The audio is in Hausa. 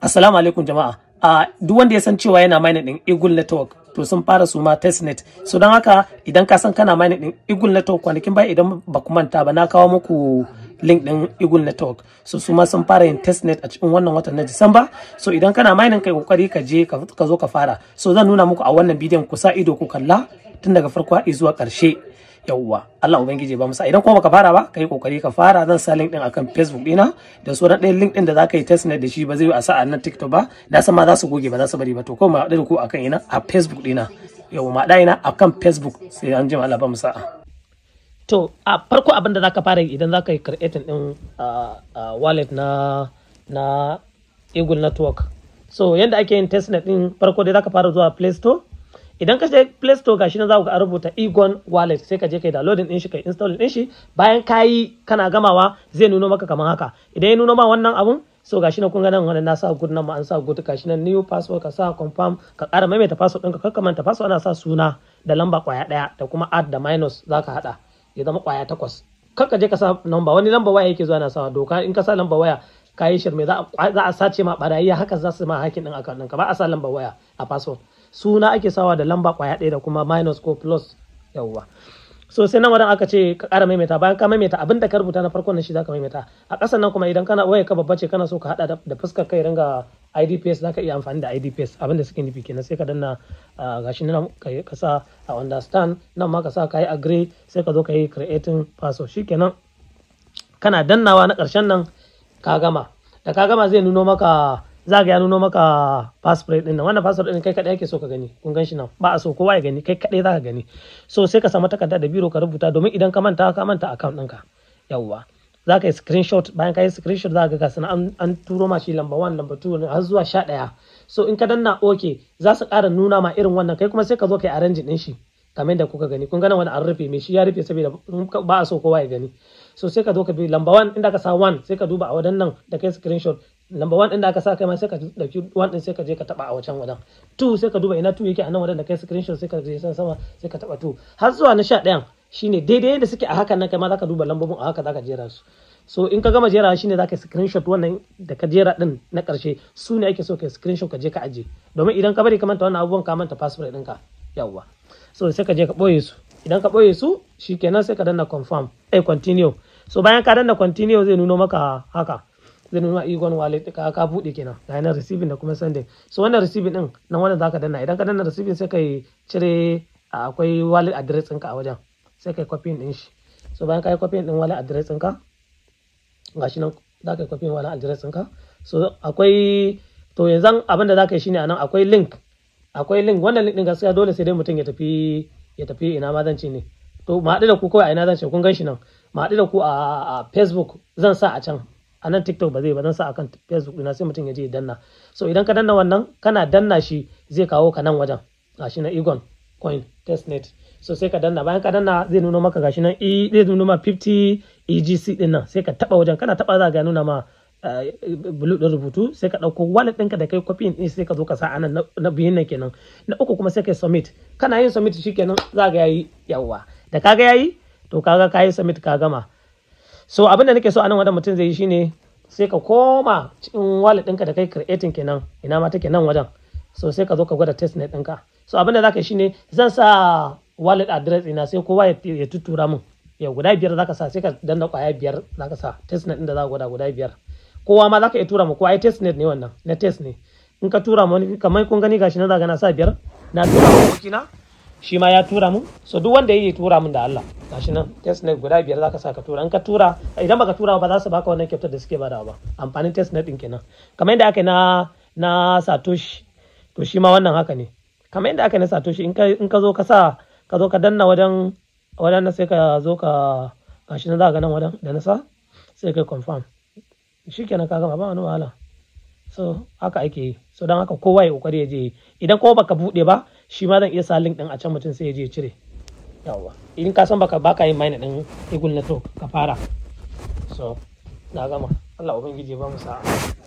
assalamu alaikum jama'a a duk wanda ya san cewa yana mining din eagle network to sun fara su ma testnet so don haka idan ka san kana mining din eagle network kwanakin baya idan ba ku manta ba na kawo muku link din Eagle Network so su ma sun fara yin testnet a cikin wannan watan na Disamba so idan kana mining kai kokari ka je ka zo ka fara so zan nuna muku a wannan bidiyon ku sa ido ku kalla tun daga farko haɗi zuwa ƙarshe yawwa Allah ubangiji ba musa idan kuma baka fara ba kai kokari ka fara zan sa link din akan Facebook dina da ran ɗaya link din da zaka yi test da shi ba zai a sa a nan TikTok ba na san ma za su goge ba za su bari ba to ko ma da ku akan ina a Facebook dina yawwa ma ina akan Facebook sai an jima Allah ba musa to a farko abin da zaka fara idan zaka yi creating din wallet na na Eagle Network so yanda ake yin net din farko dai zaka fara zuwa Play Store idan ka je play store gashi na za ka rubuta egon wallet sai ka je kai downloading din shi kai installing din shi bayan kayi kana gamawa zai nuno maka kamar haka idan ya nuno ma wannan abun so gashi na kun ga nan wannan na sa good nan ma an sa good gashi nan new password ka sa confirm ka kara maimaita password ɗinka kakka kamanta password ana sa suna da lamba kwaya daya da kuma add da minus zaka ka ya zama kwaya takwas karka je ka sa number wani lamba waya yake zuwa na sa doka in ka sa lamba waya ka yi shirme za a sace ma barayi haka za su ma hakin din akan ka ba a sa lamba waya a password suna ake sawa da lamba kwaya ɗaya da kuma minus ko plus yawwa so sai nan wadan aka ce ka ƙara maimaita bayan ka maimaita abin da ka rubuta na farkon nan shi zaka maimaita a ƙasan nan kuma idan kana waya ka babba ce kana so ka hada da fuskar kai ringa IDPS zaka iya amfani da IDPS abin da suke nufi kenan sai ka danna gashi nan ka sa a understand nan ma ka sa ka yi agree sai ka zo ka yi creating password shikenan kana dannawa na ƙarshen nan ka gama da ka gama zai nuno maka za ga ya nuno maka passport din nan wannan passport din kai kadai ake so ka gani kun gan shi nan ba a so kowa ya gani kai kadai za ka gani so sai ka samu takarda da biro ka rubuta domin idan ka manta ka manta account ɗinka yawwa za ka yi screenshot bayan ka yi screenshot za ka ga sana an turo ma shi lamba 1 lamba 2 har zuwa 11 so in ka danna okay za su ƙara nuna ma irin wannan kai kuma sai ka zo kai arrange din shi kamar da kuka gani kun gana wani an rufe mai shi ya rufe saboda ba a so kowa ya gani so sai ka zo ka bi lamba 1 inda ka sa 1 sai ka duba a wadannan da kai screenshot number one din da aka sa kai sai ka dauki one din sai ka je ka taba a wancan wadan two sai ka duba ina two yake a nan wadan da kai screenshot sai ka je san sama sai ka taba two har zuwa na 11 shine daidai yadda suke a hakan nan kai ma zaka duba lambobin a haka zaka jera su so in ka gama jera shine zaka screenshot wannan da ka jera din na karshe su ne ake so ka screenshot ka je ka aje domin idan ka bari ka manta wannan abubuwan ka manta password ka yawwa so sai ka je ka boye su idan ka boye su shikenan sai ka danna confirm eh continue so bayan ka danna continue zai nuno maka haka zai nuna ikon wale ka ka bude kenan ga yanar receiving da kuma sending so wannan receiving din nan wannan zaka danna idan ka danna receiving sai kai cire akwai wallet address ɗinka a wajen sai kai copying din shi so bayan kai copying din wallet address ɗinka gashi nan za ka yi kwafin wallet address ɗinka so akwai to yanzu abin da za ka yi shine anan akwai link akwai link wannan link din gaskiya dole sai dai mutum ya tafi ya tafi ina ma zan ne to ma haɗu da ku kawai a ina zan kun gan shi nan ma haɗu da ku a facebook zan sa a can a nan tiktok ba zai ba dan sa akan facebook dina sai mutum ya je danna so idan ka danna wannan kana danna shi zai kawo ka nan wajen gashi na igon coin testnet so sai ka danna bayan ka danna zai nuno maka gashi nan e zai nuno ma 50 egc din nan sai ka taba wajen kana taba za ga nuna ma eh, blue din rubutu sai ka dauko wallet ɗinka da kai copy din sai ka zo ka sa anan na biyun nan kenan na uku kuma sai ka submit kana yin submit shikenan za ga yayi yawa da kaga yayi to kaga kayi submit ka gama so abin da nake so anan wanda mutum zai yi shine sai ka koma cikin wallet ɗinka da kai creating kenan ina ma take nan wajen so sai ka zo ka gwada test net ɗinka so abin da zaka yi shine zan sa wallet address ina sai kowa ya tuttura min ya guda biyar zaka sa sai ka danna kwaya biyar zaka sa test net ɗin da zaka gwada guda biyar kowa ma zaka iya tura mu kowa ai test net ne wannan na test ne in ka tura mu kamar kun gani gashi na zaga na sa biyar na tura mu kina shi ma ya tura mun so duk wanda ya tura mun da Allah gashi nan testnet guda biyar zaka sa ka tura in ka tura idan baka tura ba za su baka wannan kyautar da suke badawa ba amfanin testnet din kenan kamar yadda aka na na satoshi to shi ma wannan haka ne kamar yadda aka na satoshi in ka in ka zo ka sa ka zo ka danna wajen wajen na sai ka zo ka gashi nan za ka nan wajen da na sa sai ka confirm kenan ka gama ba wani wahala so haka ake yi so don haka kowa ya kokari ya je idan ko baka bude ba shi ma zan iya sa link din a can mutum sai ya je ya cire yawa idan ka san baka baka yin mine din google network ka fara so na gama Allah ubangiji ba mu sa'a